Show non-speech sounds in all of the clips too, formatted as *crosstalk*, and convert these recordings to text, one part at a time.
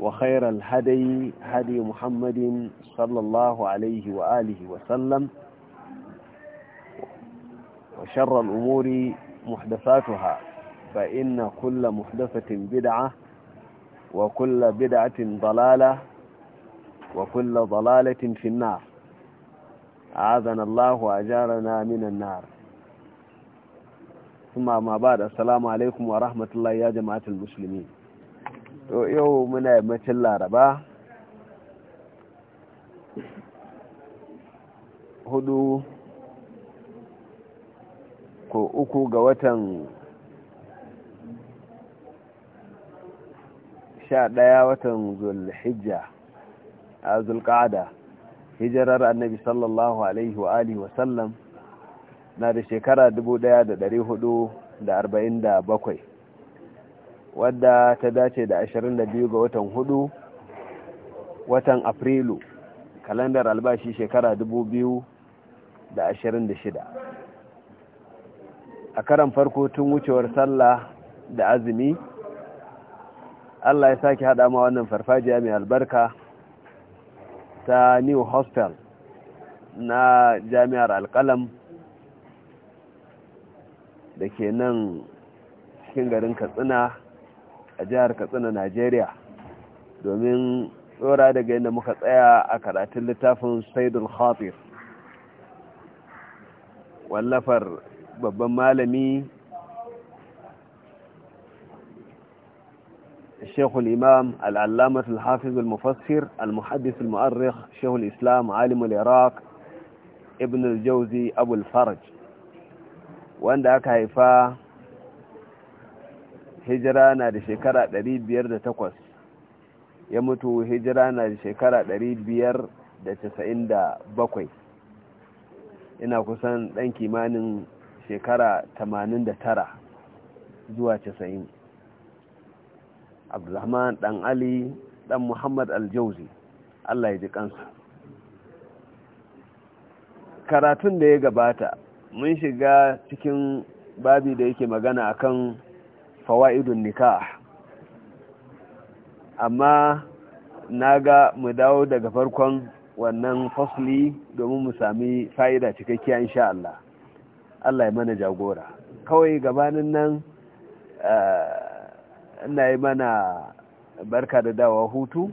وخير الهدي هدي محمد صلى الله عليه وآله وسلم وشر الأمور محدثاتها فإن كل محدثة بدعة وكل بدعة ضلالة وكل ضلالة في النار أعاذنا الله وأجارنا من النار ثم ما بعد السلام عليكم ورحمة الله يا جماعة المسلمين to yau muna yammacin laraba hudu ko uku ga watan sha daya watan zulhijja a zulkada hijirar annabi sallallahu alaihi wa alihi wasallam na da shekara dubu daya da da da dari hudu arba'in bakwai wadda ta dace da biyu ga watan hudu watan afrilu kalandar albashi shekara da shida a karan farko tun wucewar sallah da azumi allah ya sake haɗa ma wannan farfajiya mai albarka ta new hostel na jami'ar alkalam da ke nan cikin garin katsina a jihar katsina najeriya domin tsora daga yadda muka tsaya a karatun littafin saidul khatir wallafar babban malami الشيخ الإمام العلامة الحافظ المفسر المحدث المؤرخ شيخ الإسلام عالم العراق ابن الجوزي أبو الفرج وأن ذاك هيفا hijira na da shekara 508 ya mutu hijira na da shekara 597 ina kusan ɗan kimanin shekara tara zuwa 90 abdulrahman ɗan ali ɗan muhammad aljauzi allah ya ji kansa karatun da ya gabata mun shiga cikin babi da yake magana akan fawa'idun nikah amma na ga mu dawo daga farkon wannan fasli domin mu sami fa'ida cikakkiya insha Allah Allah ya mana jagora kawai gabanin nan eh, ina yi mana barka da dawa hutu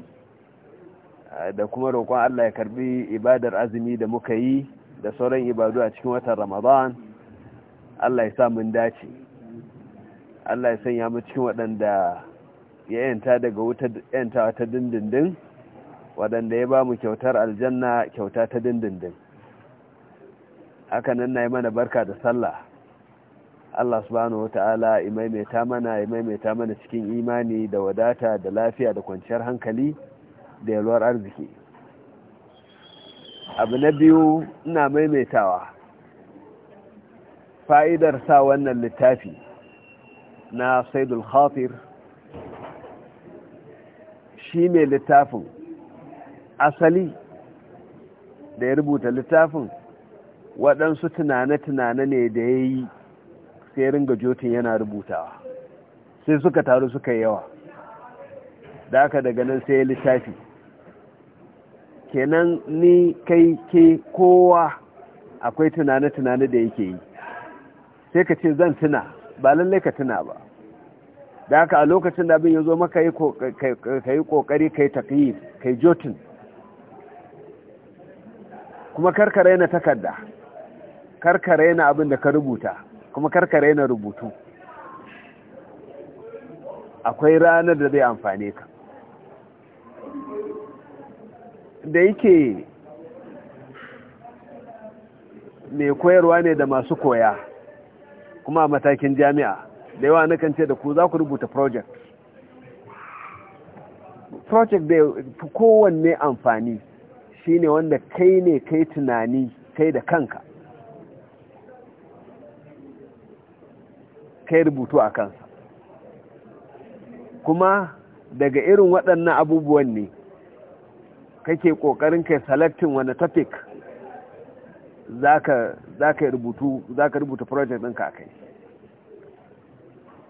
eh, da kuma roƙon Allah ya karbi ibadar azumi da muka yi da sauran ibadu a cikin watan Ramadan Allah ya sa mun dace Allah ya sanya mu cikin waɗanda ya yanta daga wutar yantawa ta dindindin waɗanda ya ba mu kyautar aljanna kyauta ta dindindin Hakanan na yi mana barka da sallah Allah subhanahu wa ta'ala ya maimaita mana mana cikin imani da wadata da lafiya da kwanciyar hankali da yalwar arziki abu na biyu ina maimaitawa fa'idar sa wannan littafi na saidul khatir shi mai littafin asali da ya rubuta littafin waɗansu tunane-tunane ne da ya yi sai ringa jotin yana rubutawa sai suka taru suka yawa da aka daga nan sai littafi kenan ni kai ke kowa akwai tunane-tunane da yake yi sai ka ce zan tuna ba lallai ka tuna ba da haka a lokacin da abin ya zo maka yi kokari kai taƙi kai jotin kuma karkare na takarda karkare na abin da ka rubuta kuma karkare na rubutu akwai ranar da zai amfane ka da yake mai koyarwa ne da masu koya kuma a matakin jami'a da yawa nakan ce da ku za ku rubuta project project da kowanne amfani shine wanda kai ne kai tunani kai da kanka kai rubutu a kansa kuma daga irin waɗannan abubuwan ne kake ƙoƙarin kai selecting wani topic za ka rubuta project ɗinka a kai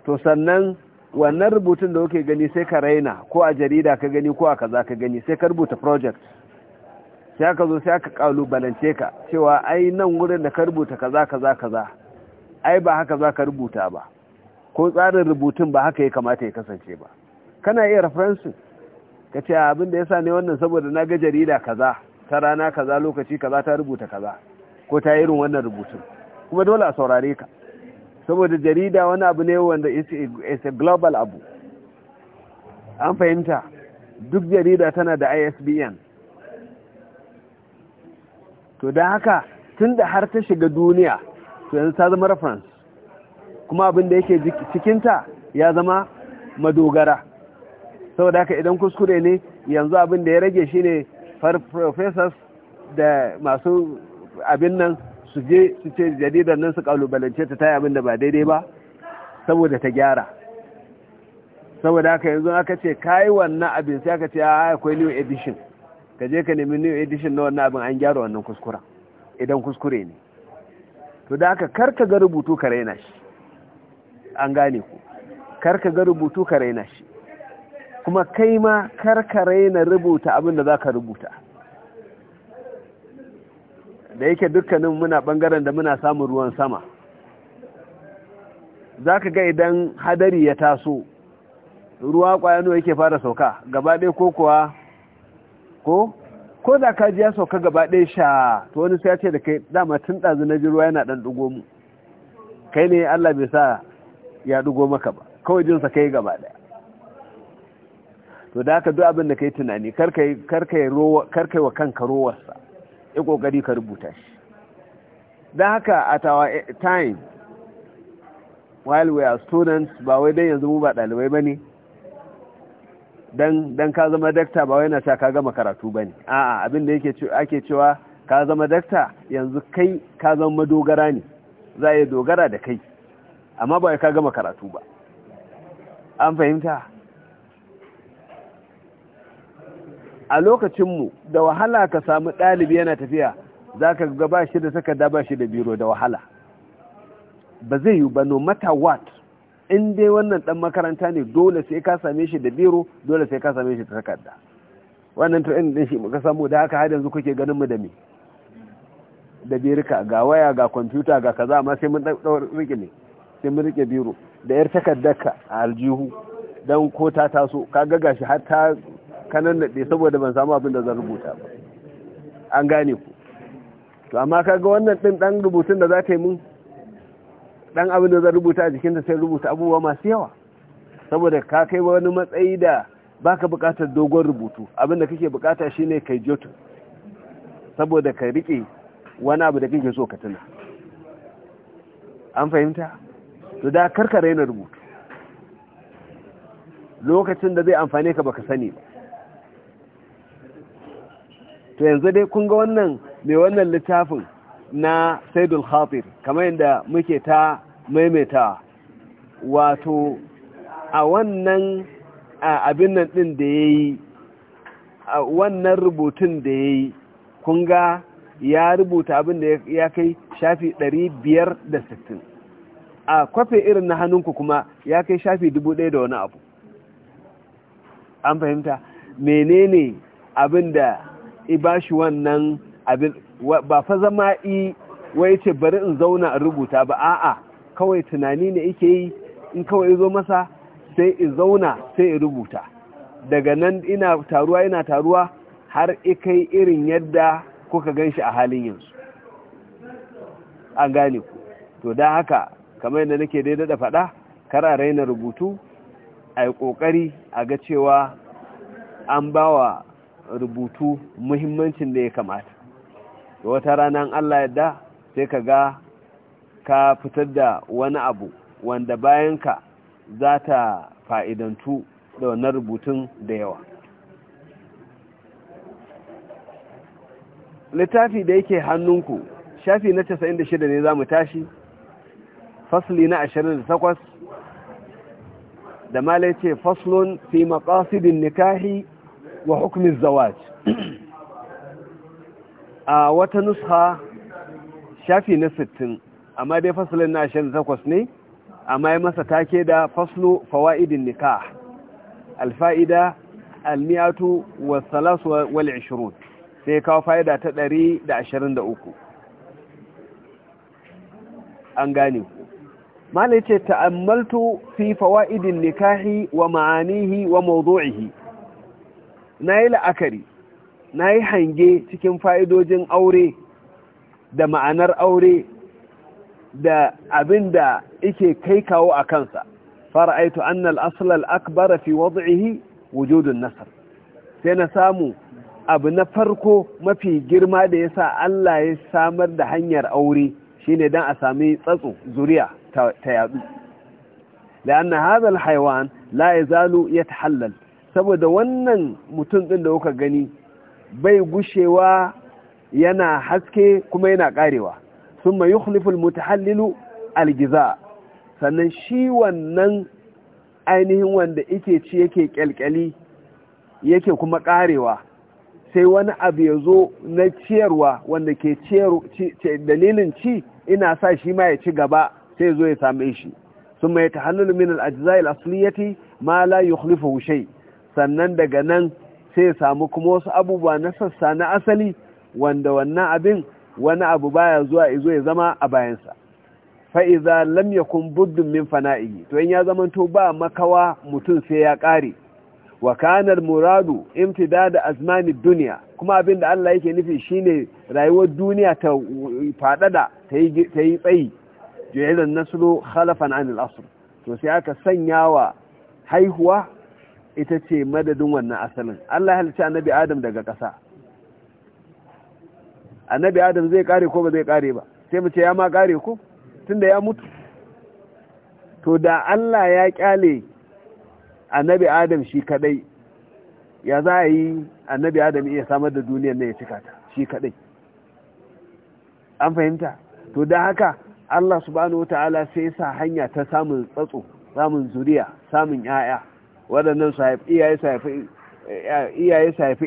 to sannan wannan rubutun da kuke gani sai ka raina ko a jarida ka gani ko a kaza ka gani sai ka rubuta project sai aka zo sai aka kalubalance ka cewa ai nan wurin da ka rubuta kaza kaza kaza ai ba haka za ka rubuta ba ko tsarin rubutun ba haka ya kamata ya kasance ba kana iya referensin ka ce abin da ya sa ne wannan saboda na ga jarida kaza ta rana kaza lokaci kaza ta rubuta kaza ko ta irin wannan rubutun kuma dole a saurare ka saboda jarida wani abu ne wanda is a global abu an fahimta duk jarida tana da isbn to da haka tun da har ta shiga duniya to yanzu ta zama reference kuma abin da yake cikinta ya zama madogara saboda haka idan kuskure ne yanzu abin da ya rage shine professors da masu abin nan su je su ce jaridar nan su kalubalance ta ta abin da ba daidai ba saboda ta gyara saboda haka yanzu aka ce kayi wannan abin sai aka ce a akwai new edition ka je ka nemi new edition na wannan abin an gyara wannan kuskura idan kuskure ne to da haka karka ga rubutu ka raina shi an gane ku karka ga rubutu ka raina shi kuma kai ma karka raina rubuta abin da za ka rubuta da yake dukkanin muna bangaren da muna samun ruwan sama za ka ga idan hadari ya taso ruwa kwayano yake fara sauka gaba ko kuwa ko ko da ka ji ya sauka gaba sha to wani sai ya ce da kai dama tun ɗazu na ji ruwa yana ɗan ɗugo mu kai ne Allah bai sa ya ɗugo maka ba kawai jinsa kai gaba ɗaya to da haka duk abin da kai tunani karkai wa kanka rowarsa yi kokari ka rubuta shi don haka a tawa time while we are students ba wai don yanzu mu ba ɗalibai ba ne don ka zama dakta ba wai na ta ka gama karatu ba ne a'a abin da ake cewa ka zama dakta yanzu kai ka zama dogara ne za a yi dogara da kai amma ba ka gama karatu ba an fahimta a lokacinmu da wahala ka samu ɗalibi yana tafiya za ka gaba shi da takarda daba shi da biro da wahala ba zai yi ba no matter what in dai wannan ɗan makaranta ne dole sai ka same shi da biro dole sai ka same shi da takarda wannan to ɗin shi muka samu da haka har yanzu kuke ganin mu da me da birka ga waya ga kwamfuta ga kaza amma sai mun rike sai mun rike biro da yar ka a aljihu don ko ta taso ka ga gashi har ta ka nannaɗe saboda ban samu abin da zan rubuta ba an gane ku to amma kaga wannan ɗin ɗan rubutun da za ta yi mun ɗan abin da zan rubuta a jikinta sai rubuta abubuwa masu yawa saboda ka kai wani matsayi da baka buƙatar dogon rubutu abin da kake buƙata shine kai jotun saboda ka riƙe wani abu da kake so ka tuna an fahimta to da karkare na rubutu lokacin da zai amfane ka baka sani ba to yanzu dai kun ga wannan mai wannan littafin na saidul khatir kamar yadda muke ta maimaita wato a wannan abin nan ɗin da ya yi a wannan rubutun da ya yi kun ga ya rubuta abin da ya kai shafi 560 a kwafe irin na hannunku kuma ya kai shafi 1000 da wani abu an fahimta menene abin da i ba shi wannan abin ba fa zama i wai ce bari in zauna in rubuta ba a'a kawai tunani ne yake yi in kawai zo masa sai i zauna sai in rubuta daga nan ina taruwa ina taruwa har ikai irin yadda kuka gan shi a halin yanzu an gane ku to da haka kamar yadda nake daidai da faɗa kararai na rubutu a yi ƙoƙari a ga cewa an ba wa rubutu muhimmancin da ya kamata da wata rana Allah yadda sai ka ga ka fitar da wani abu wanda bayanka za ta fa'idantu da wannan rubutun da yawa littafi da yake hannunku shafi na 96 ne za mu tashi fasli na 28 da malai ce faslun fi makasidin nikahi wa hukumin zawaj a wata nusha shafi na sittin amma dai fasalin na 28 ne amma ya masa take da faslu fawa'idin nikah alfa'ida almiyatu wa salasu wal 20 sai kawo fa'ida ta ɗari da da uku. an gane malai ce ta'ammaltu fi fawa'idin nikahi wa ma'anihi wa mawdu'ihi na yi la'akari na yi hange cikin fa'idojin aure da ma'anar aure da abin da ike kai kawo a kansa fara'aitu annal aslal akbara fi wad'ihi wujudun nasar sai na samu abu na farko mafi girma da yasa Allah ya samar da hanyar aure shine dan a sami tsatsu zuriya ta yadu la'anna hadha alhayawan la yazalu yatahallal saboda wannan mutum ɗin da kuka gani bai gushewa yana haske kuma yana ƙarewa, sun mai yukhliful mutahallilu algiza sannan shi wannan ainihin wanda ike ci yake ƙyalƙyali yake kuma ƙarewa, sai wani abu ya zo na ciyarwa wanda ke dalilin ci ina sa shi ma ya ci gaba sai zo ya same shi sun mai ta hannun min al'ajizai al'asuliyati ma la yukhlifu shay sannan daga nan sai samu kuma wasu abubuwa na sassa na asali wanda wannan abin wani abu baya zuwa izo ya zama a bayansa fa'iza lam kun buddun min fana'i to in ya zamanto ba makawa mutum sai ya ƙare wa kanar muradu imtida da azmani duniya kuma abin da Allah yake nufi shine rayuwar duniya ta faɗaɗa ta yi tsayi joyar Nasiru, halafan anil asir to sai aka sanya wa haihuwa ita ce madadin wannan asalin Allah ya annabi Adam daga ƙasa annabi Adam zai kare ko ba zai kare ba sai mu ce ya ma kare ko tunda ya mutu to da Allah ya kyale annabi Adam shi kadai ya za a yi annabi Adam iya samar da duniyar nan ya cika ta shi kadai an fahimta to da haka Allah subhanahu wataala sai ya sa hanya ta samun tsatso samun zuriya samun 'ya'ya waɗannan iyaye su haifi su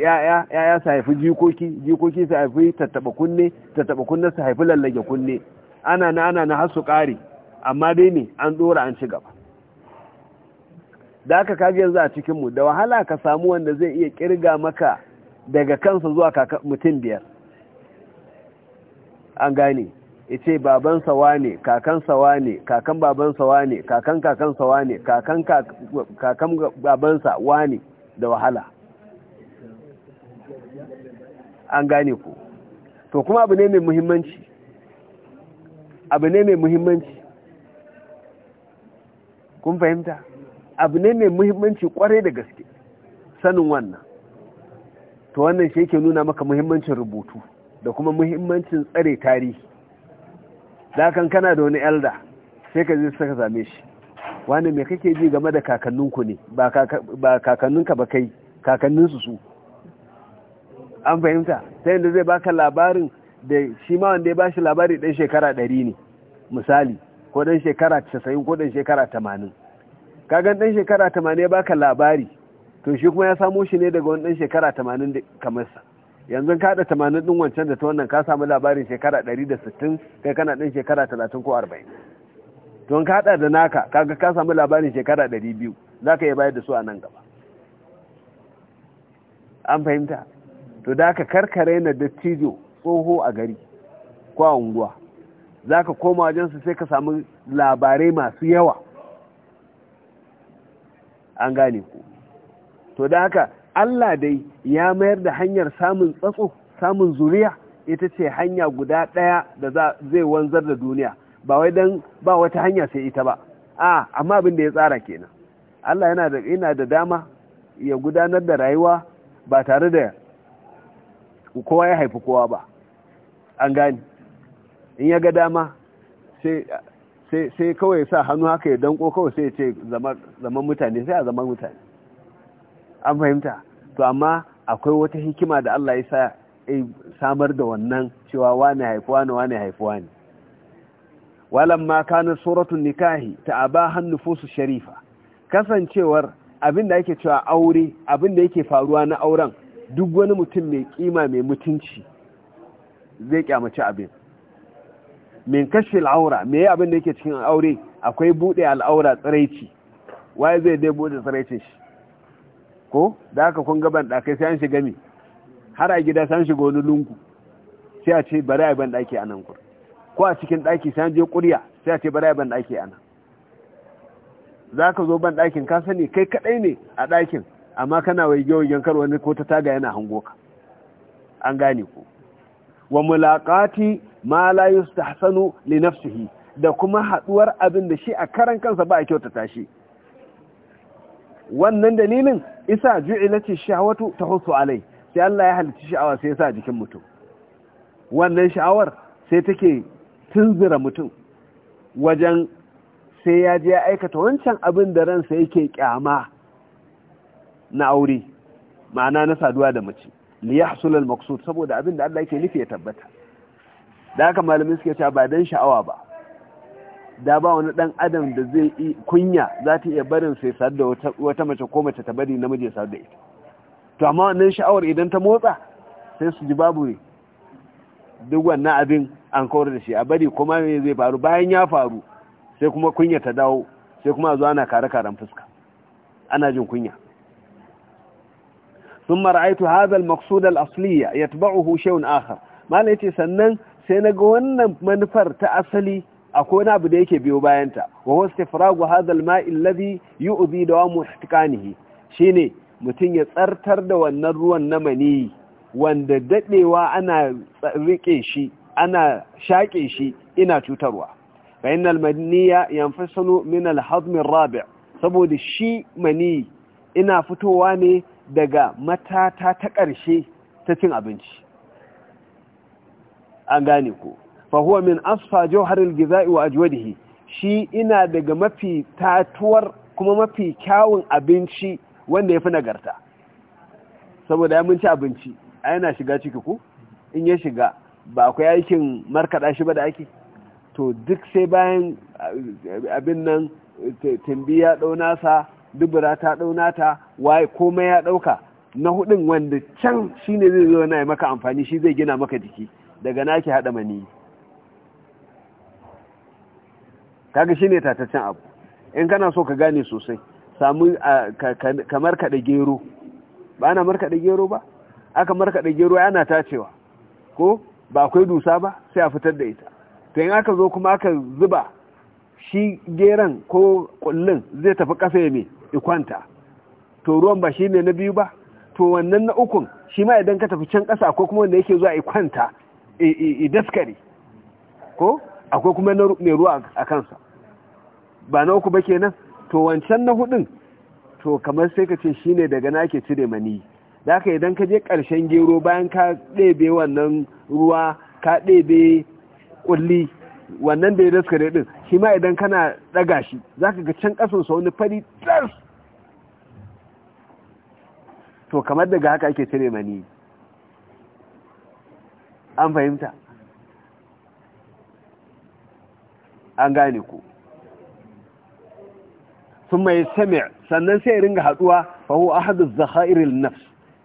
su haifi jikoki jikoki su haifi tattaɓa kunne tattaɓa kunne su haifi lallage kunne ana na ana na hasu ƙari amma dai ne an ɗora an ci gaba da aka kage yanzu a cikinmu da wahala ka samu wanda zai iya ƙirga maka daga kansa zuwa mutum biyar an gane ce baban sawa ne kakan sawa ne kakan baban sawa ne kakan kakan sawa ne kakan kakan baban sa wani da wahala an gane ku to kuma abu ne mai muhimmanci abu ne mai muhimmanci kun fahimta abu ne mai muhimmanci kwarai da gaske sanin wannan to wannan shi yake nuna maka muhimmancin rubutu da kuma muhimmancin tsare tarihi da kan kana da wani elda sai ka je saka zame shi wani me kake ji game da kakanninku ne ba kakanninka ba kai kakannin su su an fahimta ta yadda zai baka labarin da shi ma wanda ya ba shi labari dan shekara ɗari ne misali ko dan shekara casa'in ko dan shekara tamanin kagan dan shekara tamanin ya baka labari to shi kuma ya samo shi ne daga wani dan shekara tamanin kamar sa yanzu ka da tamanin ɗin wancan da ta wannan ka samu labarin shekara ɗari da sittin kai kana ɗin shekara talatin ko arba'in don ka haɗa da naka kaga ka samu labarin shekara ɗari biyu za ka iya bayar da su a nan gaba an fahimta to da ka karkare na dattijo tsoho a gari ko a unguwa za ka koma su sai ka samu labarai masu yawa an gane ku to da haka Allah dai ya mayar da hanyar samun tsatso samun zuriya ita ce hanya guda ɗaya da zai wanzar da duniya ba wai don ba wata hanya sai ita ba a amma abin da ya tsara kenan Allah yana da yana da dama ya gudanar da rayuwa ba tare da kowa ya haifi kowa ba an gani in ya ga dama sai kawai sa hannu haka ya danko kawai sai ya ce zaman mutane sai a zaman mutane an fahimta to amma akwai wata hikima da Allah ya sa samar da wannan cewa wane haifuwa ne wane haifuwa ne ma kana suratun nikahi ta abahan hannu sharifa kasancewar abin da yake cewa aure abin da yake faruwa na auren duk wani mutum mai kima mai mutunci zai kyamaci abin min kashe al'aura me abin da yake cikin aure akwai buɗe al'aura tsiraici waye zai dai buɗe tsiraicin shi ko da aka kun gaban ɗakai sai an shiga mi har a gida sai shiga wani lungu sai a ce bari a ban ɗaki a nan kur ko a cikin ɗaki sai an je ƙurya sai a ce bari a ban ɗaki a nan za ka zo ban ɗakin ka sani kai kaɗai ne a ɗakin amma kana wai waigen kar wani ko ta taga yana hango ka an gane ku wa mulaqati ma la yustahsanu li nafsihi da kuma haduwar abin da shi a karan kansa ba a kyautata shi wannan dalilin isa ju'ilati shahawatu tahussu alai sai Allah ya halitta sha'awa sai ya sa jikin mutum wannan sha'awar sai take tunzura mutum wajen sai ya je ya aikata wancan abin da ransa yake kyama na aure ma'ana na saduwa da mace li yahsul al maqsud saboda abin da Allah yake nufi ya tabbata da haka malamin suke cewa ba dan sha'awa ba da ba wani dan adam da zai yi kunya za ta iya barin sai sadu da wata mace ko mace ta bari namiji ya sadu da ita to amma wannan sha'awar idan ta motsa sai su ji babu ne duk wannan abin an kawar da shi a bari kuma me zai faru bayan ya faru sai kuma kunya ta dawo sai kuma zuwa ana kare karen fuska ana jin kunya Sun ثم رأيت هذا المقصود الأصلي يتبعه شيء آخر ما yace sannan sai na ga wannan manufar ta asali akwai wani abu da yake biyo bayanta wa huwa istifragu hadha al-ma'i alladhi yu'dhi shi shine mutum ya tsartar da wannan ruwan na maniyi wanda dadewa ana rike shi ana shaƙe shi ina cutarwa fa innal maniya yanfasilu min al-hadm ar-rabi' saboda shi maniyi ina fitowa ne daga matata ta ƙarshe ta cin abinci an gane ko fa huwa min asfa jawharil gizai wa ajwadihi shi ina daga mafi tatuwar kuma mafi kyawun abinci wanda ya fi nagarta saboda ya munci abinci a yana shiga ciki ku in ya shiga ba akwai aikin markaɗa shi ba da ake to duk sai bayan eh, abin nan eh, tumbi ya ɗaunasa dubura ta ɗaunata waye komai ya ɗauka na hudun wanda can shine zai zo na maka amfani shi zai gina maka jiki daga naki haɗa mani kaga shine tataccen abu in kana so ka gane sosai samu kamar kaɗa gero ba ana markaɗa gero ba aka markaɗa gero ana tacewa ko ba akwai dusa ba sai a fitar da ita to in aka zo kuma aka zuba shi geran ko kullun zai tafi kafa ya ikwanta to ruwan ba shi ne na biyu ba to wannan na ukun shi ma idan ka tafi can kasa ko kuma wanda yake zuwa ikwanta daskari ko akwai kuma mai ruwa a kansa ba na uku ba kenan to wancan na hudun to kamar sai ka ce shine daga na ke cire mani da haka idan ka je karshen gero bayan ka ɗebe wannan ruwa ka ɗebe ƙulli wannan da ya daskare ɗin shi ma idan kana ɗaga shi za ka ga can ƙasansa wani fari tas to kamar daga haka ake cire mani an fahimta an gane ku sun mai sami sannan sai ringa haduwa fahu haɗu zahairil nafs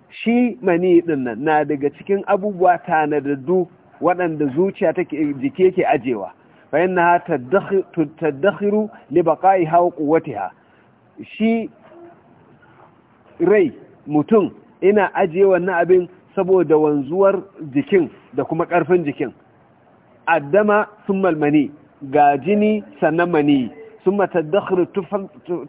shi mani dinnan na daga cikin abubuwa tanadaddu waɗanda zuciya take jiki yake ajewa bayan na taddakhiru li hawa shi rai mutum ina ajiye wannan abin saboda wanzuwar jikin da kuma ƙarfin jikin addama sun malmani ga jini sannan mani sun mataddakhir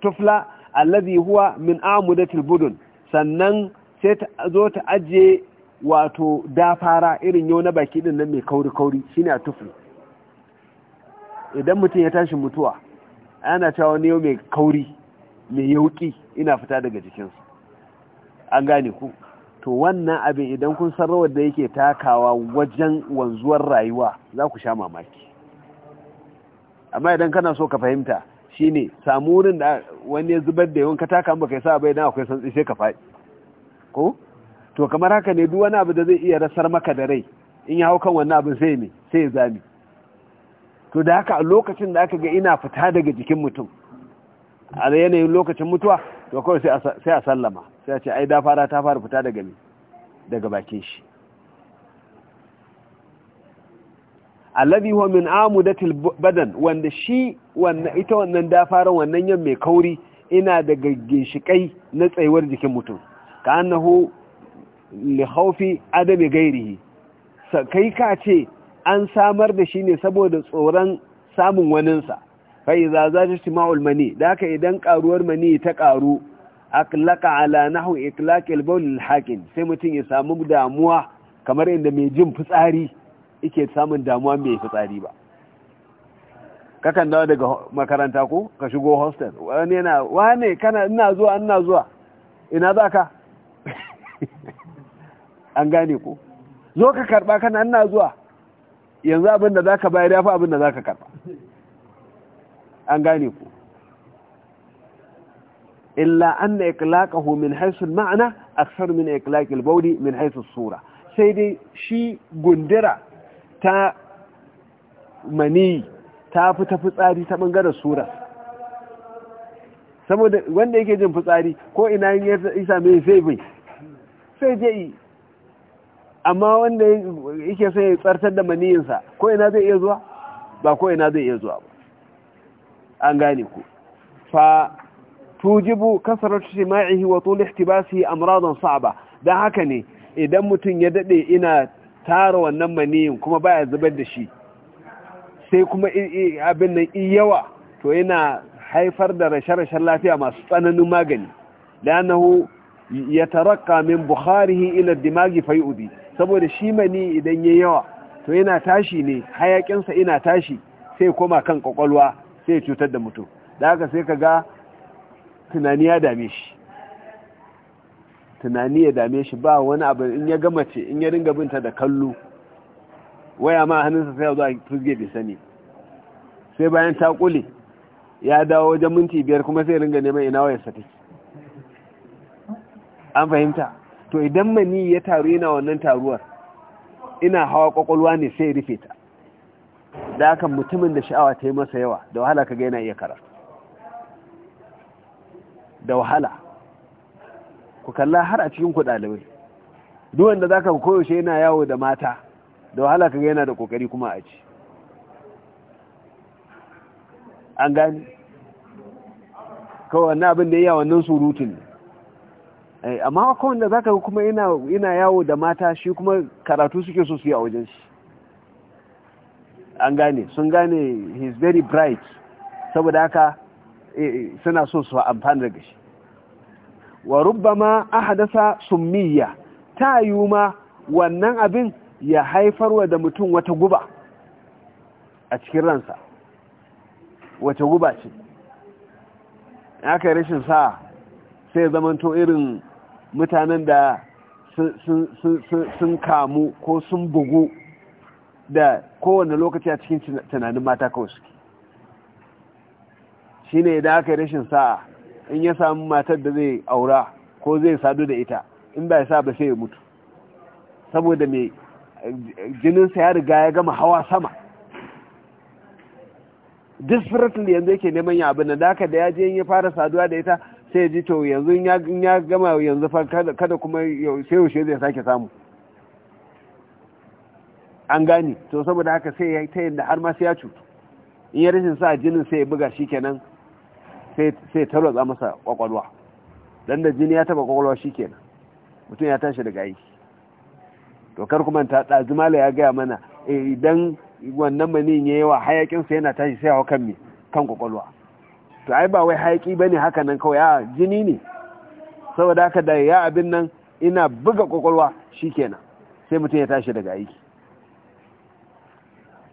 tufla allazi huwa min amudatil budun sannan sai ta zo ta ajiye wato dafara irin yau na baki din nan mai kauri-kauri shine a tufli idan mutum ya tashi mutuwa ana cewa wani yau mai kauri mai yauki ina fita daga jikinsu an gane ku to wannan abin idan kun san rawar da yake takawa wajen wanzuwar rayuwa za ku sha mamaki amma idan kana so ka fahimta shine samu wurin da wani ya zubar da yawan kataka ba kai sa bai dan akwai santsi sai ka faɗi ko to kamar haka ne duk wani abu da zai iya rasar maka da rai in ya hau kan wani abin sai ne sai ya zami to da haka a lokacin da aka ga ina fita daga jikin mutum a yanayin lokacin mutuwa to kawai sai a sallama sai a ce ai da fara ta fara fita daga daga bakin shi alladhi huwa min amudatil badan wanda shi wannan ita wannan dafaran wannan yan mai kauri ina daga ginshikai na tsayuwar jikin mutum ka annahu li khawfi adami gairihi kai ka ce an samar da shi ne saboda tsoron samun waninsa sa za ta mani da haka idan karuwar mani ta karu aklaka ala nahu iklaqil bawl al sai mutum ya samu damuwa kamar inda mai jin fitsari ike samun damuwa mai fitsari ba kakan dawo daga makaranta ko ka shigo hostel wani yana wane kana ina zuwa ina zuwa ina za ka *laughs* an gane ko zo ka karba kana ina zuwa yanzu abin da za ka bayar ya fi abin da za ka karba an gane ku illa ikilaka hu min haisun ma'ana aksar min ikilakil al min haisun sura sai dai shi gundira ta mani ta fi ta fitsari ta bangaren sura saboda wanda yake jin fitsari ko ina yin isa mai sai bai sai je yi amma wanda yake sai ya tsartar da maniyinsa ko ina zai iya zuwa ba ko ina zai iya zuwa ba an gane ku fa tujibu kasarar shima'ihi wa tuli ihtibasihi amradan ba don haka ne idan mutum ya dade ina tara wannan maniyin kuma baya zubar da shi sai kuma abin nan yawa to yana haifar da rashe-rashen lafiya masu tsananin magani lanahu ya taraka min hin ila dimagi fai'udi saboda shi mani idan ya yawa to yana tashi ne hayakinsa ina tashi sai koma kan kwakwalwa sai cutar da mutum da haka sai ka ga tunani ya dame shi tunani ya dame shi ba wani abu in ya gama ce in ya ringa binta da kallo waya ma hannunsa sai zuwa fuzge bai sani sai bayan ta kule ya dawo wajen minti biyar kuma sai ringa neman ina waya sa take an fahimta to idan mani ya taru yana wannan taruwar ina hawa kwakwalwa ne sai rufe ta da hakan mutumin da sha'awa ta yi masa yawa da wahala ka ga yana iya karatu da wahala ku kalla har a cikin ku ɗalibai duk wanda zaka koyaushe yana yawo da mata da wahala kaga yana da kokari kuma a ci an gani kawai wannan abin da ya wannan surutun ne eh, amma akwai wanda zaka kuma yana yawo da mata shi kuma karatu suke so su yi a wajen shi an gane sun gane he is very bright saboda haka eh, eh, suna so su amfani daga shi wa rubbama ahdasa summiya ta yiwu ma wannan abin ya haifar wa da mutum wata guba a cikin ransa wace guba ce ya kai rashin sa sai zamanto irin mutanen da sun kamu ko sun bugu da kowane lokaci a cikin tunanin mata kawai suke shi ne da aka yi rashin sa'a in ya samu matar da zai aura ko zai sadu da ita in ba ya sa ba sai ya mutu saboda mai jininsa ya riga ya gama hawa sama desperately yanzu yake neman ya abin da haka da ya je ya fara saduwa da ita sai ya ji to yanzu in ya gama yanzu fa kada kuma sai yaushe zai sake samu an gane to saboda haka sai ya ta yin da har ma sai ya cutu in ya rashin sa jinin sai ya buga shi kenan sai tarwatsa masa kwakwalwa dan da jini ya taba kwakwalwa shikenan mutum ya tashi daga aiki to kar kuma ta ɗazi mala ya gaya mana eh, idan wannan manin yi wa hayakin sa yana tashi sai hawa kan me kan kwakwalwa to ai ba wai hayaki ne haka nan kawai ya jini ne saboda haka da ya abin nan ina buga kwakwalwa shi shikenan sai mutum ya tashi daga aiki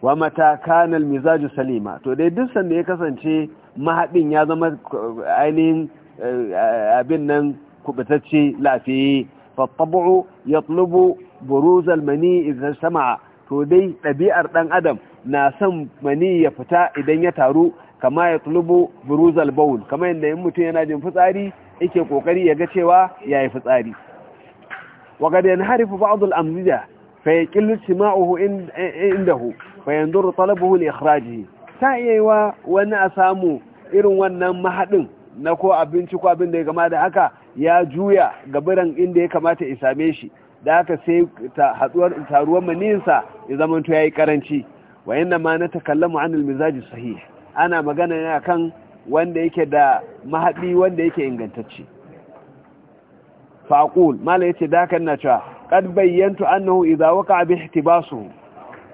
wa mata kana mizaju salima to dai duk sanda ya kasance mahaɗin ya zama eh, ainihin eh, abin nan kubutacce lafiye fa tabu yatlubu buruz almani idza sama to dai ɗabi'ar ɗan adam na son mani ya fita idan ya taru kama ya tulubu buruzal baul kama yadda yin mutum yana jin fitsari yake kokari ya ga cewa ya yi fitsari wa kad harifu ba'd al-amzija fa yaqillu sima'uhu eh, indahu fayandur talabuhu li ta yayiwa wani a samu irin wannan mahadin na ko abinci ko abin da ya gama da haka ya juya ga biran inda ya kamata ya same shi da haka sai ta haduwar taruwar maninsa ya yi yayi karanci wa inna ma na takallamu anil mizaji sahih ana magana ne akan wanda yake da mahadi wanda yake ingantacce aqul mala yace da haka ina cewa qad bayyantu annahu idza waqa'a bi ihtibasuhu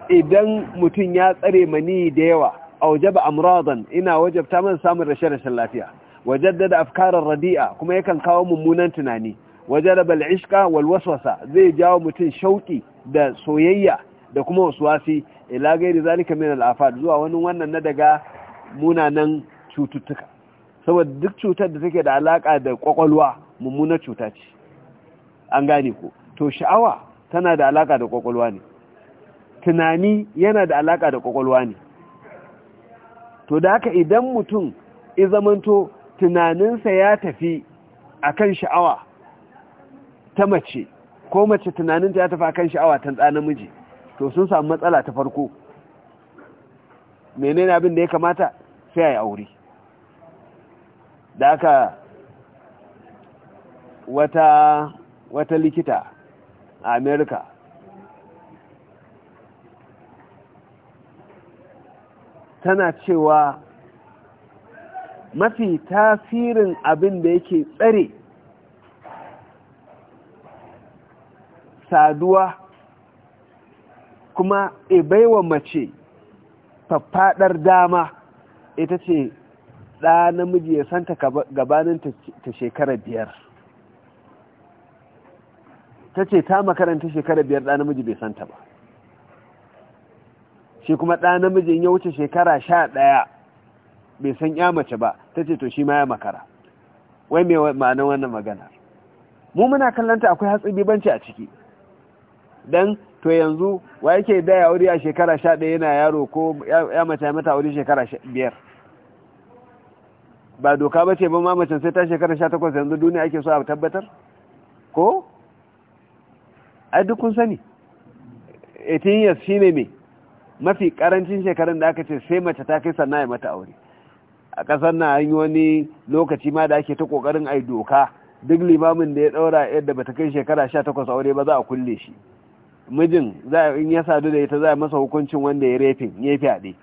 idan mutum ya tsare mani da yawa a aujaba amradan ina wajabta man samun rashe-rashen lafiya wajaddada afkarar radi'a kuma yakan kawo mummunan tunani wajaraba al'ishka walwaswasa zai jawo mutum shauki da soyayya da kuma waswasi ila gairi zalika min al'afad zuwa wani wannan na daga munanan cututtuka saboda duk cutar da take da alaka da kwakwalwa mummunar cuta ce an gane ko to sha'awa tana da alaka da kwakwalwa ne tunani yana da alaka da kwakwalwa ne to da haka idan mutum izamanto zamanto tunaninsa ya tafi akan sha'awa ta mace ko mace tunaninta ya tafi kan sha'awa ta tsana to sun samu matsala ta farko menene abin da ya kamata sai ya yi aure da aka wata wata likita a amerika tana cewa mafi tasirin abin da yake tsare saduwa kuma ibaiwa e mace faffaɗar dama ita ce ɗa namiji ya santa gabanin ta shekara biyar ta ce ta makaranta shekara biyar ɗa namiji bai santa ba shi kuma ɗa namijin ya wuce shekara sha ɗaya bai san ya mace ba ta ce to shi ma ya makara wai mai ma'anar wannan magana mu muna kallanta akwai hatsi bibanci a ciki don to yanzu wa yake da ya wuri a shekara sha ɗaya yana yaro ko ya mace ya mata wuri shekara biyar ba doka ba ce ba ma mace sai ta shekara sha takwas yanzu duniya ake so a tabbatar ko ai duk kun sani 18 years shine mai mafi karancin shekarun da aka ce sai mace ta kai sannan ya mata aure a ƙasar na an yi wani lokaci ma da ake ta ƙoƙarin ai doka duk limamin da ya ɗaura yadda bata kai shekara sha takwas aure ba za a kulle shi mijin za in ya sadu da ita za a masa hukuncin wanda ya refin ya fyaɗe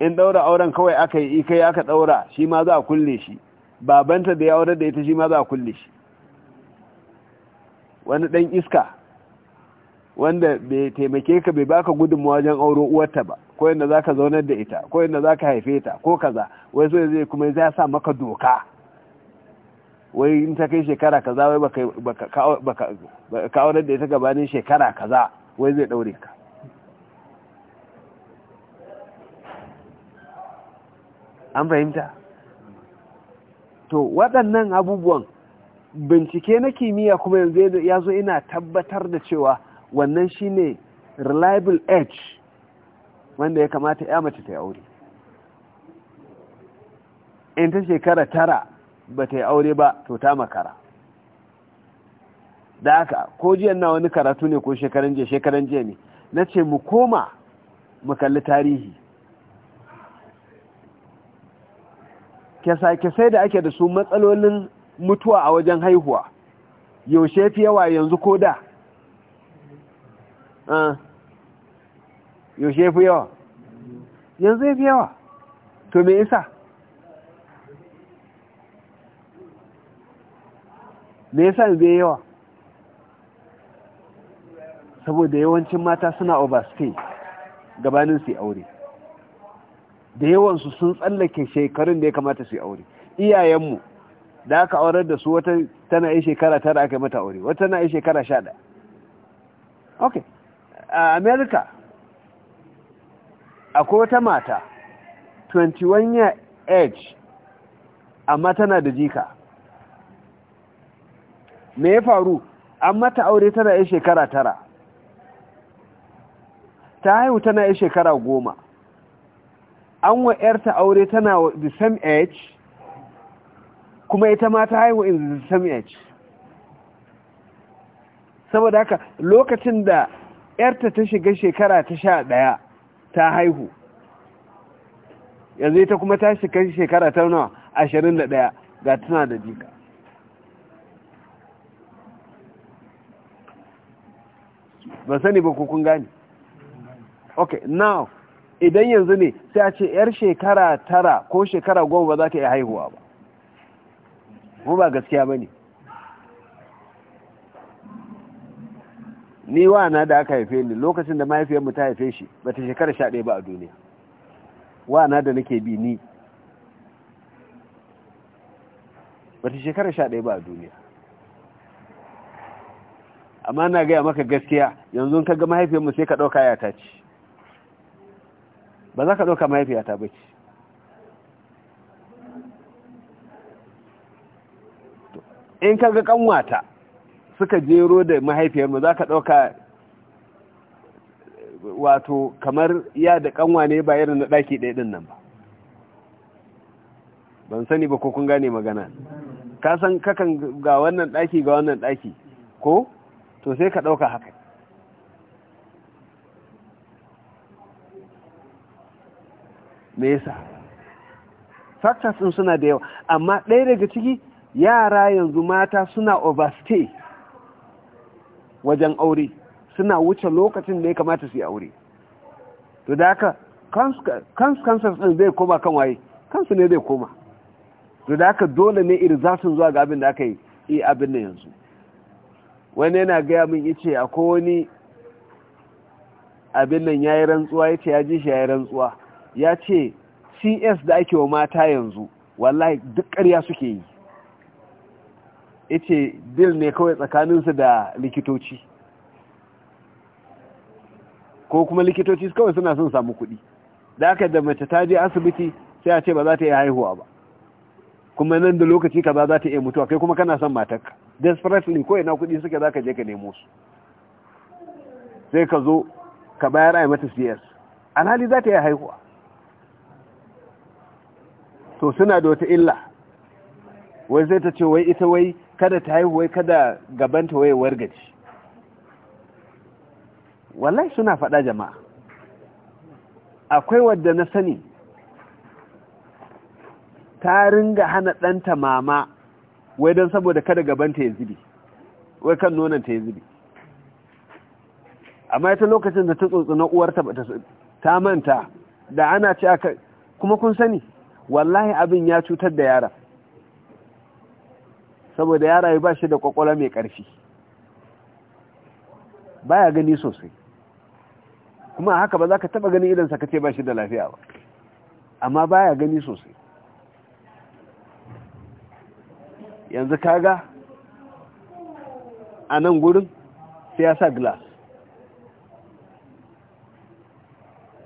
in ɗaura auren kawai aka yi kai aka ɗaura shi ma za a kulle shi babanta da ya aure da ita shi ma za a kulle shi wani ɗan iska wanda bai taimake ka bai baka gudunmawa wajen auren uwarta ba ko yadda za ka zaunar da ita ko yadda za ka haife ta ko kaza wai so zai kuma zai sa maka doka wai in ta kai shekara kaza wai ka aurar da ita gabanin shekara kaza wai zai daure ka an fahimta to waɗannan abubuwan bincike na kimiyya kuma yanzu ya zo ina tabbatar da cewa wannan shine reliable age wanda ya kamata ya mace ta yi aure in ta shekara tara ba ta yi aure ba to ta makara da aka ko jiyan na wani karatu ne ko shekaran jiya shekaran jiya ne na ce mu koma mu kalli tarihi kyasa-kyasai da ake da su matsalolin mutuwa a wajen haihuwa yaushe fi yawa yanzu ko da Ah. yaushe fi yawa yanzu ya fi yawa to me isa me isa yanzu ya yawa saboda yawancin mata suna overstay gabanin su aure da yawansu sun tsallake shekarun da ya kamata su aure iyayenmu da aka aurar da su wata tana yi shekara tara aka yi mata aure wata tana yi shekara sha ɗaya ok a america akwai wata mata 21 year age amma tana da jika me ya faru an mata aure tana yin shekara tara ta haihu tana yin shekara goma an wa 'yarta aure tana the same age kuma ita ma ta haihu in the same age saboda haka lokacin da yarta ta shiga shekara ta sha ɗaya ta haihu yanzu ita kuma ta shiga shekara ta nawa ashirin da ɗaya ga tana da jika ba sani ba kun gani ok now idan yanzu ne sai a ce yar shekara tara ko shekara goma ba za ta iya haihuwa ba mu ba gaskiya ba ne ni wa na da aka haife ni lokacin da mahaifiyarmu ta haife shi ba ta shekara sha ɗaya ba a duniya wa na da nake bi ni ba ta shekara sha ɗaya ba a duniya amma na gaya maka gaskiya yanzu ka ga mahaifiyarmu sai ka ɗauka ya ce ba za ka ɗauka mahaifiyata ba ce in ka ga ƙanwata suka jero da mahaifiyarmu za ka ɗauka wato kamar ya da kanwa ne ba irin na ɗaki ɗaya ɗin nan ba ban sani ba ko kun gane magana ka san kakan ga wannan ɗaki ga wannan ɗaki ko to sai ka ɗauka haka me yasa factors ɗin suna da yawa amma ɗaya daga ciki yara yanzu mata suna overstay wajen aure suna wuce lokacin da ya kamata su yi aure to da haka kansu kansu kansu zai koma kan waye kansu ne zai koma to da haka dole ne iri zasun zuwa ga abin da aka yi abin da yanzu wani yana gaya min ice akwai wani abin nan ya yi rantsuwa ya ce ya ji shi ya yi rantsuwa ya ce cs da ake wa mata yanzu wallahi duk ƙarya suke yi ya ce dil ne kawai tsakaninsu da likitoci ko kuma likitoci kawai suna son samu kuɗi da aka da mace ta je asibiti sai a ce ba za ta iya haihuwa ba kuma nan da lokaci kaza za ta iya mutuwa kai kuma kana son matarka desperately ko ina kuɗi suke za ka je ka nemo su sai ka zo ka bayar a mata siyas alhali za ta iya haihuwa to suna da wata illa wai sai ta ce wai ita wai kada ta haihu wai kada gabanta waye wargaci wallahi suna faɗa jama'a akwai wadda na sani ta ringa hana ɗanta mama wai don saboda kada gabanta ya zubi wai kan nonanta ya zubi amma ita lokacin da ta tsotsi na uwarta ta manta da ana ce aka kuma kun sani wallahi abin ya cutar da yara saboda ya rayu ba shi da kwakwala mai ƙarfi ba ya gani sosai kuma haka ba za ka taba ganin idansa ka ce ba shi da lafiya ba amma ba ya gani sosai yanzu kaga a nan gurin sai ya sa glass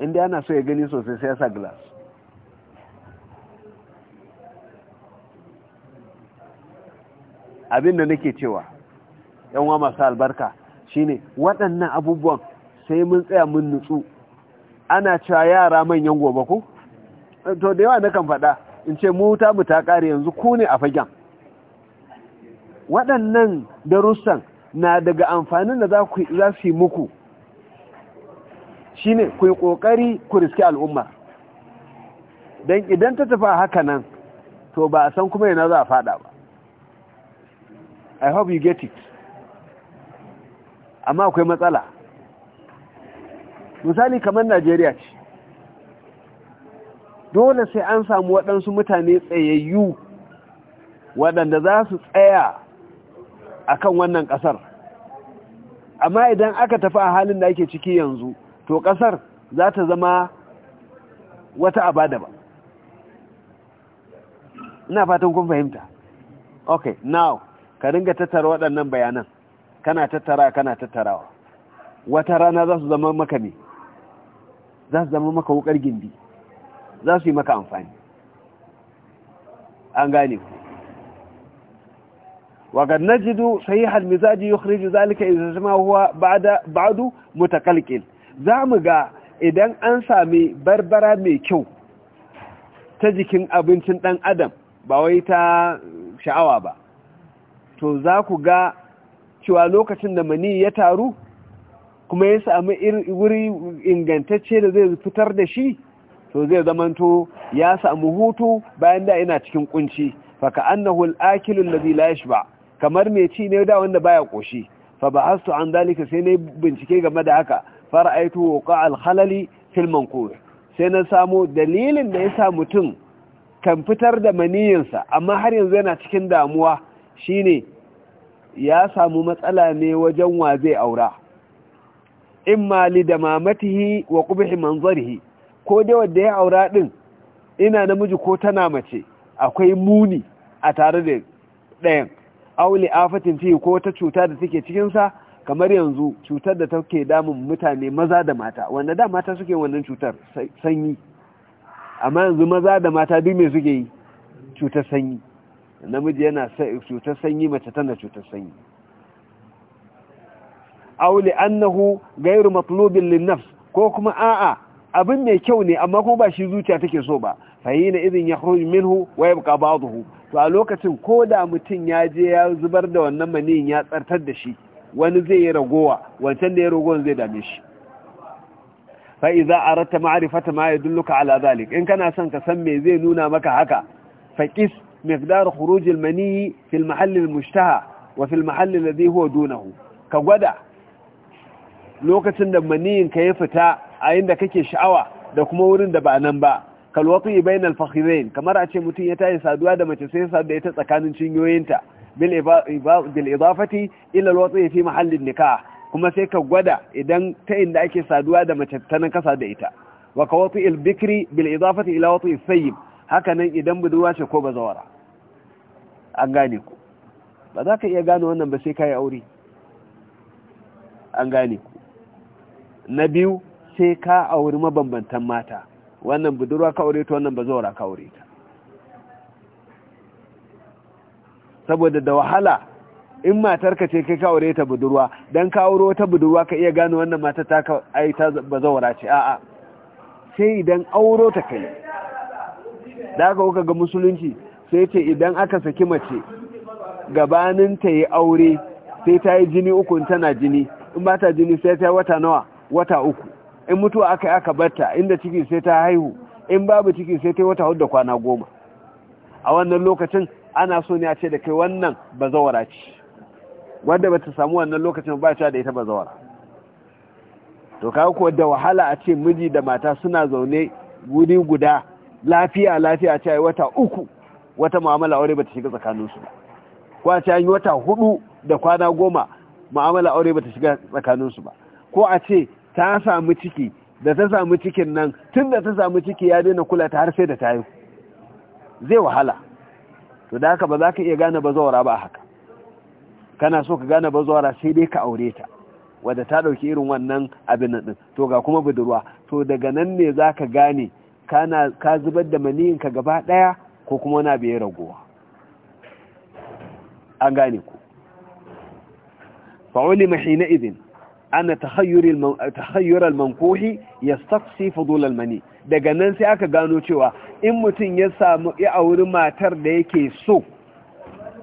inda yana so ya gani sosai sai ya sa glass abin da nake cewa yanwa masu albarka shine waɗannan abubuwan sai mun tsaya mun nutsu ana cewa yara manyan gobe ku? to da yawa nakan faɗa in ce mu ta mu ta ƙare yanzu ku ne a fagen waɗannan darussan na daga amfanin da za su yi muku shine ku yi ƙoƙari ku riske al'umma don idan ta tafa haka nan to ba a san kuma yana za a faɗa ba i hope you get it amma akwai matsala misali kamar najeriya ce dole sai an samu waɗansu mutane tsayayyu waɗanda za su tsaya a kan wannan ƙasar amma idan aka tafi a halin da ake ciki yanzu to ƙasar za ta zama wata abada ba ina fatan kun fahimta okay now ka dinga tattara waɗannan bayanan kana tattara kana tattarawa wata rana za su zama maka ne za su zama maka wukar gindi za su yi maka amfani an gane ku وقد نجد صحيح المزاج zalika ذلك zama huwa ba'adu mutakalkil Za mu ga idan an sami barbara mai kyau ta jikin abincin ɗan adam ba wai ta sha'awa ba to za ku ga cewa lokacin da mani ya taru kuma ya sami wuri ingantacce da zai fitar da shi to zai zamanto ya samu hutu bayan da yana cikin kunci faka annahu al-akilu alladhi la yashba kamar mai ci ne da wanda baya koshi fa bahastu an dalika sai ne bincike game da haka fara'aitu waqa al-khalali fil manqur sai na samu dalilin da yasa mutum kan fitar da maniyinsa amma har yanzu yana cikin damuwa shine ya samu matsala ne wajen wa zai aura In mali da mamatihi wa qubhi manzarihi ko dai wanda ya aura ɗin ina namiji ko tana mace akwai muni a tare da ɗayan auli afatin fi ko ta cuta da take cikinsa, kamar yanzu cutar da take damun mutane maza da mata wanda da mata suke wannan cutar sanyi amma yanzu maza da mata duk me suke yi cutar sanyi namiji yana cutar sanyi mace tana cutar sanyi auli annahu gairu matlubin linnafs ko kuma a'a abin mai kyau ne amma kuma ba shi zuciya take so ba fahina idin ya hurji minhu wa yabqa ba'dahu to a lokacin ko da mutum ya je ya zubar da wannan maniyin ya tsartar da shi wani zai yi ragowa wancan da ya ragowa zai dame shi fa idza aradta ma'rifata ma yadulluka ala zalik in kana son ka san me zai nuna maka haka faqis miqdar khuruj maniyi mani fi al-mahall al wa dunahu ka gwada lokacin da maniyin ka ya fita a inda kake sha'awa da kuma wurin da ba nan ba kalwati bainal fakhidain kamar ace mutum ya tayi saduwa da mace sai saduwa ita tsakanin cinyoyinta bil idafati ila alwati fi mahallin nikah kuma sai ka gwada idan ta inda ake saduwa da mace ta nan kasa da ita wa ka wati al bil idafati ila wati sayyib haka nan idan budurwa ce ko bazawara an gane ku ba za ka iya gane wannan ba sai ka yi aure an gane ku na biyu sai ka auri mabambantan mata wannan budurwa ka aure ta wannan ba zaura ka aure ta saboda da wahala in matarka ce kai ka aure ta budurwa don ka aure wata budurwa ka iya gane wannan mata ta ka ai ta zaura ce a'a sai idan auro ta kai da ka kuka ga musulunci sai ce idan aka saki mace gabanin ta yi aure sai ta yi jini uku tana jini in ba ta jini sai ta wata nawa wata uku in mutuwa aka yi aka batta inda ciki sai ta haihu in babu ciki sai ta yi wata hudu kwana goma a wannan lokacin ana so ne a ce da kai wannan bazawara ce wadda ba ta samu wannan lokacin ba ta da ita bazawara to kawo kuwa da wahala a ce miji da mata suna zaune guri guda lafiya lafiya ce a wata uku wata mu'amala aure bata shiga tsakaninsu ko a ce an yi wata hudu da kwana goma mu'amala aure bata shiga tsakaninsu ba ko a ce ta samu ciki da ta samu cikin nan tun da ta samu ciki ya daina kula ta har sai da ta yi zai wahala to da haka ba za ka iya gane bazawara ba haka kana so ka gane bazawara sai dai ka aure ta wadda ta ɗauki irin wannan abin nan to ga kuma budurwa to daga nan ne za ka gane ka zubar da maniyinka gaba ɗaya ko kuma wani abu ya ragowa an gane ku fa'uli mahina izin ana tahayyurar mankohi ya saksi fadular mani daga nan sai aka gano cewa in mutum ya samu ya auri matar da yake so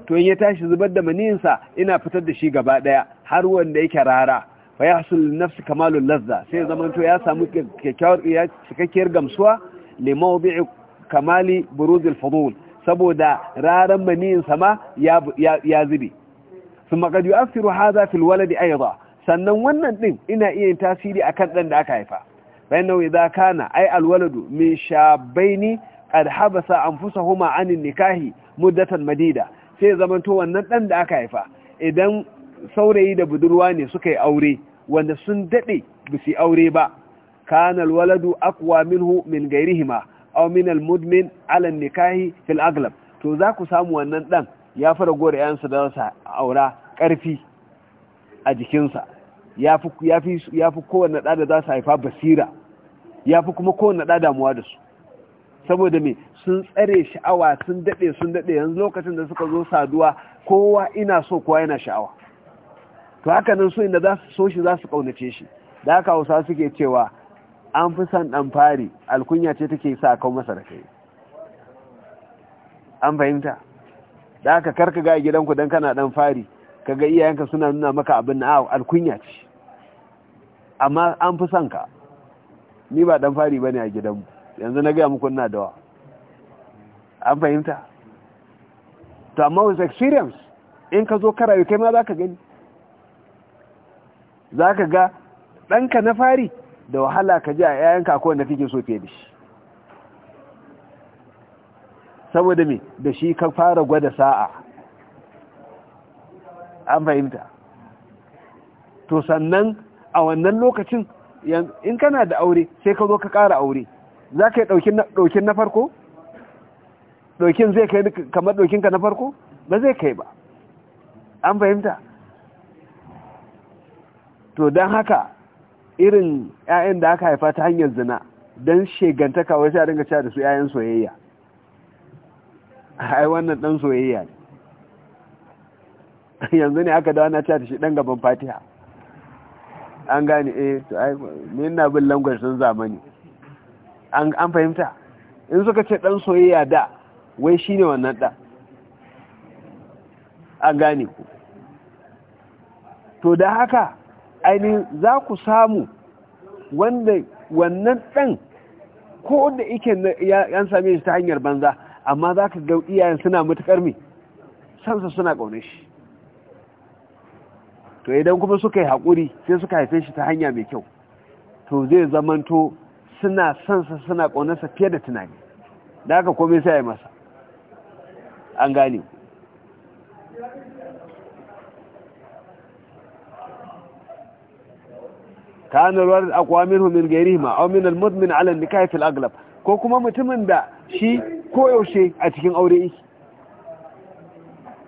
to ya tashi zubar da maniyinsa ina fitar da shi gaba daya har wanda yake rara fa ya hasul nafsi kamalul lazza sai ya zama ya samu kyakkyawar cikakkiyar gamsuwa limau mawdi'i kamali buruzil fudul saboda raran maniyin sama ya zube su makadu ya asiru haza fil waladi ayyada sannan wannan din ina iya yin tasiri akan dan da aka haifa bayan nau'i za kana ai alwaladu shabai ni qad habasa huma anin nikahi muddatan madida sai zamanto wannan dan da aka haifa idan saurayi da budurwa ne suka yi aure wanda sun dade ba su aure ba kana akwa minhu min gairihima aw min al-mudmin ala nikahi fil aglab to za ku samu wannan dan ya fara gore yansa da sa aura karfi a jikinsa ya fi ya kowanne da da za su haifa basira ya fi kuma kowanne da damuwa da su saboda me sun tsare sha'awa sun dade sun dade yanzu lokacin da suka zo saduwa kowa ina so kowa yana sha'awa to haka nan so inda za su so shi za su kaunace shi da haka hausa suke cewa an fi san ɗan fari alkunya ce take sa kawo masa da kai an fahimta da aka karka ga gidanku don kana ɗan fari kaga iyayenka suna nuna maka abin na awa alkunya ce amma an fi son ka ni ba ɗan fari ba ne a gidanmu yanzu na gaya muku na dawa an fahimta to amma with experience in ka zo karayu kai ma za ka gani za ka ga ɗanka na fari da wahala ka ji a yayanka ka wanda kake so fiye da shi saboda me da shi ka fara gwada sa'a an fahimta to sannan a wannan lokacin in kana da aure sai ka zo ka ƙara aure za ka yi ɗaukin na farko ɗaukin zai kai kamar ka na farko ba zai kai ba an fahimta to don haka irin 'ya'yan da aka haifa ta hanyar zina don kawai sai a dinga cewa da su 'ya'yan soyayya ai wannan dan soyayya ne *laughs* yanzu ne aka dawo na cewa da shi dan gaban fatiha an gane eh to ai ni ina bin language sun zamani an an fahimta in suka ce dan soyayya da wai shine wannan da an gane ku to da haka ainihin za ku samu wanda wannan ɗan ko da ike yan same shi ta hanyar banza amma za ka ga iyayen suna matuƙar mi? sansa suna ƙaunar shi to idan kuma suka yi haƙuri sai suka haife shi ta hanya mai kyau to zai zamanto suna sansa suna ƙaunarsa fiye da tunani da aka komai sai ya masa an gane كان الوارد أقوى منه من غيرهما أو من المدمن على النكاية في الأغلب ko kuma mutumin da shi koyaushe a cikin aure yake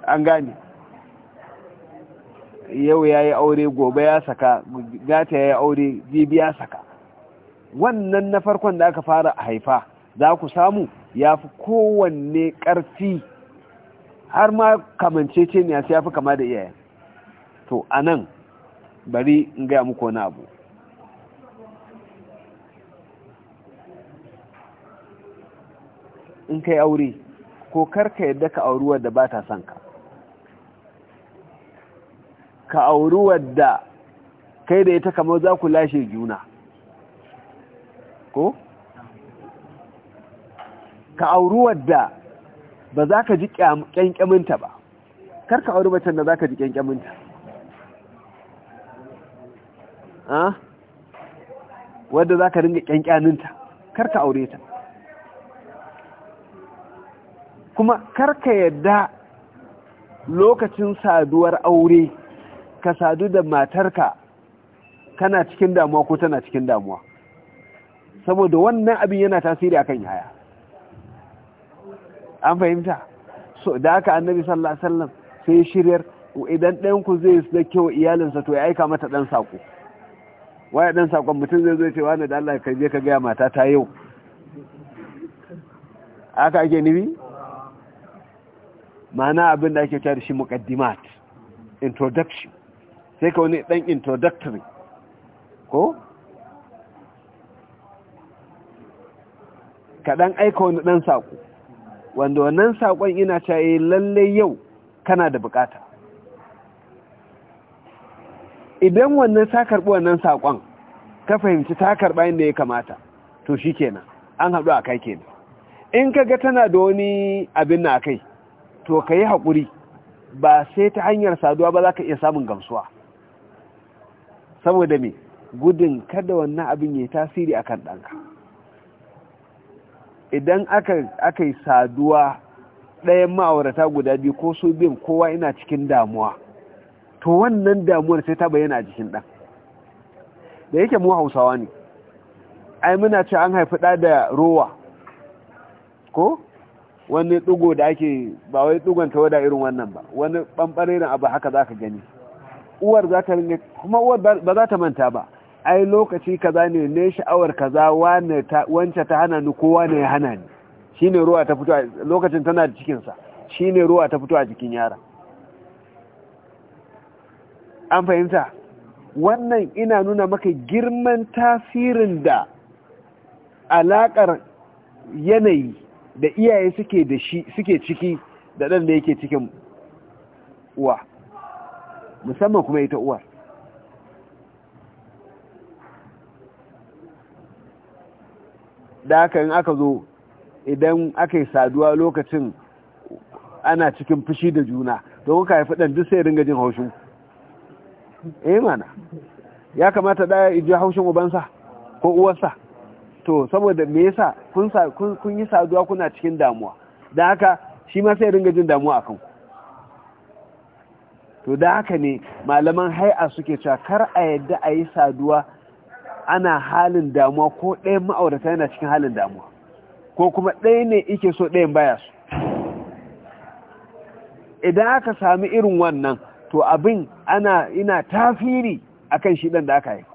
an gane yau ya yi aure gobe ya saka gata ya yi aure jibi ya saka wannan na farkon da aka fara haifa za ku samu ya fi kowanne ƙarfi har ma kamancece ne ya fi kama da iyayen to anan bari in gaya muku wani abu in kai aure ko karka yadda ka auri wadda ba ta son ka ka auri wadda kai da ita kamar za ku lashe juna ko? ka auri wadda ba za ka ji kyankyaminta ba kar ka auri macen da za ka ji kyankyaminta ah? wadda za ka ringa kyankyaninta kar ka aure ta kuma karka yadda lokacin saduwar aure ka sadu da matarka kana cikin damuwa ko tana cikin damuwa saboda wannan abin yana tasiri akan yaya an fahimta so da haka annabi sallallahu alaihi wasallam sai shiryar idan ɗayan ku zai kyau iyalinsa to ya aika mata ɗan sako. Waye ɗan sakon mutum zai zai ce wani da Allah ka je ka gaya mata ta yau aka ake nufi ma'ana abin da ake tare shi muqaddimat introduction sai ka wani dan introductory ko ka dan aika wani dan sako wanda wannan sakon ina cewa eh, lalle yau kana da bukata idan wannan ta karbi wannan sakon ka fahimci ta karba inda ya kamata to shikenan an haɗu a kai kenan in ka ga tana da wani abin na kai to ka yi haƙuri ba sai ta hanyar saduwa ba za ka iya samun gamsuwa saboda me gudun kada wannan abin ya tasiri a kan ɗanka idan aka yi saduwa ɗayan ma'aurata guda biyu ko su biyun kowa ina cikin damuwa to wannan damuwar sai ta bayyana a jikin ɗan da yake mu hausawa ne ai muna ce an haifi ɗa da rowa ko wani ɗigo da ake ba wai ɗigon tawada irin wannan ba wani ɓamɓarerin abu haka za ka gani uwar za ta ringa kuma uwar ba za ta manta ba ai lokaci kaza ne ne sha'awar kaza wance ta hana ni kowa ne ya hana ni shine ruwa ta fito lokacin tana da cikinsa shine ruwa ta fito a jikin yara an fahimta wannan ina nuna maka girman tasirin da alaƙar yanayi da iyaye suke da shi suke ciki da ɗan da yake cikin uwa musamman kuma ita uwa da aka in aka zo idan aka yi saduwa lokacin ana cikin fushi da juna don kuka haifi ɗan duk sai ringa jin haushin eh mana ya kamata ɗaya iji haushin ubansa ko uwarsa to saboda me yasa kun kun yi saduwa kuna cikin damuwa dan haka shi ma sai ringa jin damuwa akan ku to da haka ne malaman hai'a suke cewa kar a yadda a yi saduwa ana halin damuwa ko ɗayan ma'aurata yana cikin halin damuwa ko kuma ɗaya ne yake so ɗayan baya su idan aka sami irin wannan to abin ana ina tafiri akan shi ɗan da aka yi.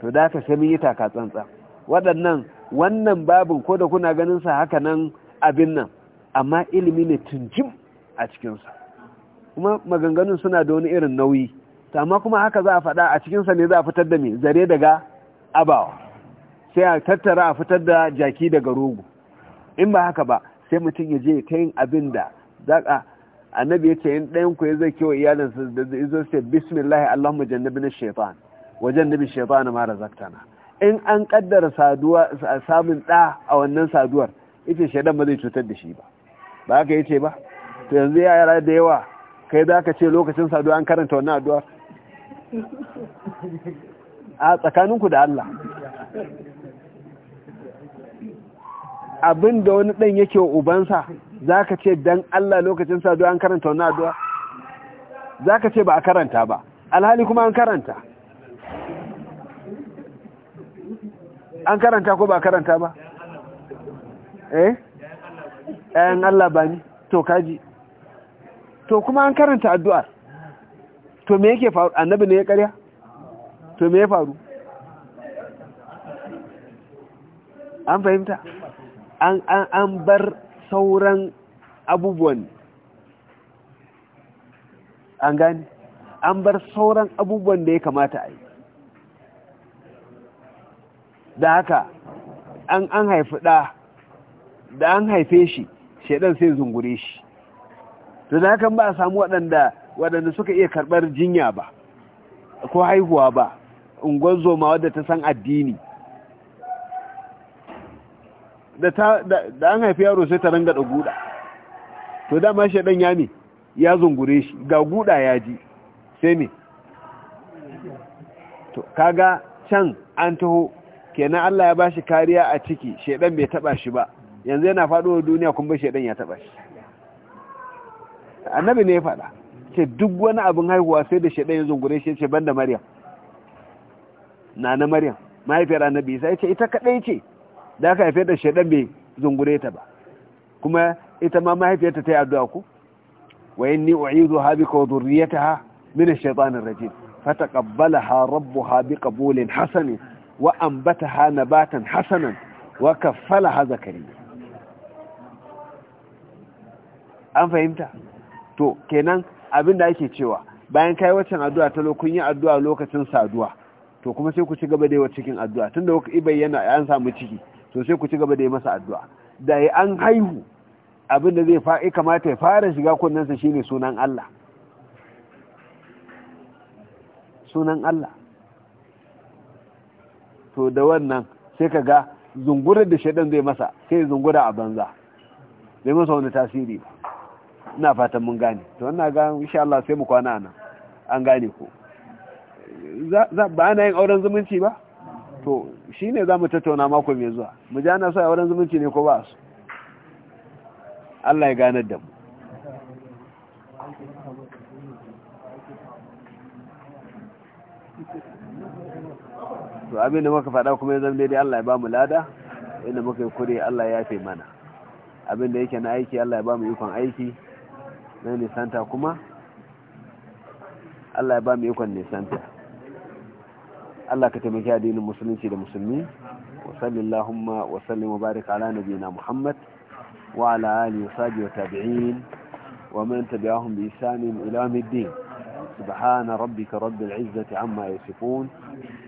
to da ka sai mun yi taka tsantsa waɗannan wannan babin ko da kuna ganin sa haka nan abin nan amma ilimi ne tunjim a cikinsa kuma maganganun suna da wani irin nauyi amma kuma haka za a faɗa a cikinsa ne za a fitar da mai zare daga abawa sai a tattara a fitar da jaki daga rogo in ba haka ba sai mutum ya je ta yin abin da a annabi ya ce in ɗayan ku ya zai kewa iyalinsa da zai zo sai bismillah allahumma jannabi na shaitan wajen nabi shaitana mara zaktana in an kaddara saduwa samun ɗa a wannan saduwar ita shaidan ba zai cutar da shi ba ba haka yace ba to yanzu ya yara da yawa kai za ka ce lokacin saduwa an karanta wannan addu'ar a tsakaninku da Allah abin da wani ɗan yake ubansa za ka ce don Allah lokacin saduwa an karanta wani addu'a za ka ce ba a karanta ba alhali kuma an karanta an karanta ko ba karanta ba eh ɗayan Allah ba ni to kaji to kuma an karanta addu'ar to me yake faru annabi ne ya karya to me ya faru an fahimta an an an bar sauran abubuwan an gani an bar sauran abubuwan da ya kamata a yi da haka an an haifi ɗa da an haife shi shedan sai zungure shi to da hakan ba a samu waɗanda waɗanda suka iya karɓar jinya ba ko haihuwa ba ungon zoma wadda ta san addini da an haifi yaro sai ta ranga da guda to dama shedan ya ne ya zungure shi ga guda ya ji sai ne to kaga can an taho kenan Allah ya bashi kariya a ciki shedan bai taba shi ba yanzu yana faɗo duniya kuma shedan ya taba shi annabi ne ya faɗa ce duk wani abin haihuwa sai da shedan ya zungure shi ce banda maryam na na maryam mahaifiyar annabi sai ce ita kadai ce da aka haife da shedan bai zungure ta ba kuma ita ma mahaifiyarta ta yi addu'a ku wa inni u'idhuha bika wa dhurriyyataha min ash-shaytanir rajim taqabbalaha rabbuha biqabulin hasanin wa ambataha batan hasanan wa kaffalaha zakariya an fahimta to kenan abin da ake cewa bayan kai waccan addu'a ta lokacin yin addu'a lokacin saduwa to kuma sai ku ci gaba da yi cikin addu'a tunda ibai bayyana an samu ciki to sai ku ci gaba da yi masa addu'a da yi an haihu abin da zai fa'i kamata ya fara shiga kunnensa shine sunan Allah sunan Allah to da wannan sai ka ga zungurar da shaidan zai masa sai zungura a banza zai masa wani tasiri ba ina fatan mun gane to wannan ga insha Allah sai mu kwana nan an gane ko ba ana yin auren zumunci ba to shine zamu tattauna mako mai zuwa mu ji ana so auren zumunci ne ko ba su Allah ya ganar da mu to abin da muka faɗa kuma ya zama daidai Allah ya ba mu lada inda muka yi kure Allah ya yafe mana abin da yake na aiki Allah ya ba mu ikon aiki na nisanta kuma Allah ya ba mu ikon nisanta Allah ka taimaki addinin musulunci da musulmi wa sallallahumma wa sallim wa barik ala nabiyina Muhammad wa ala alihi wa sahbihi wa tabi'in wa man tabi'ahum bi ihsan ila yawmiddin سبحان ربك رب العزة عما يصفون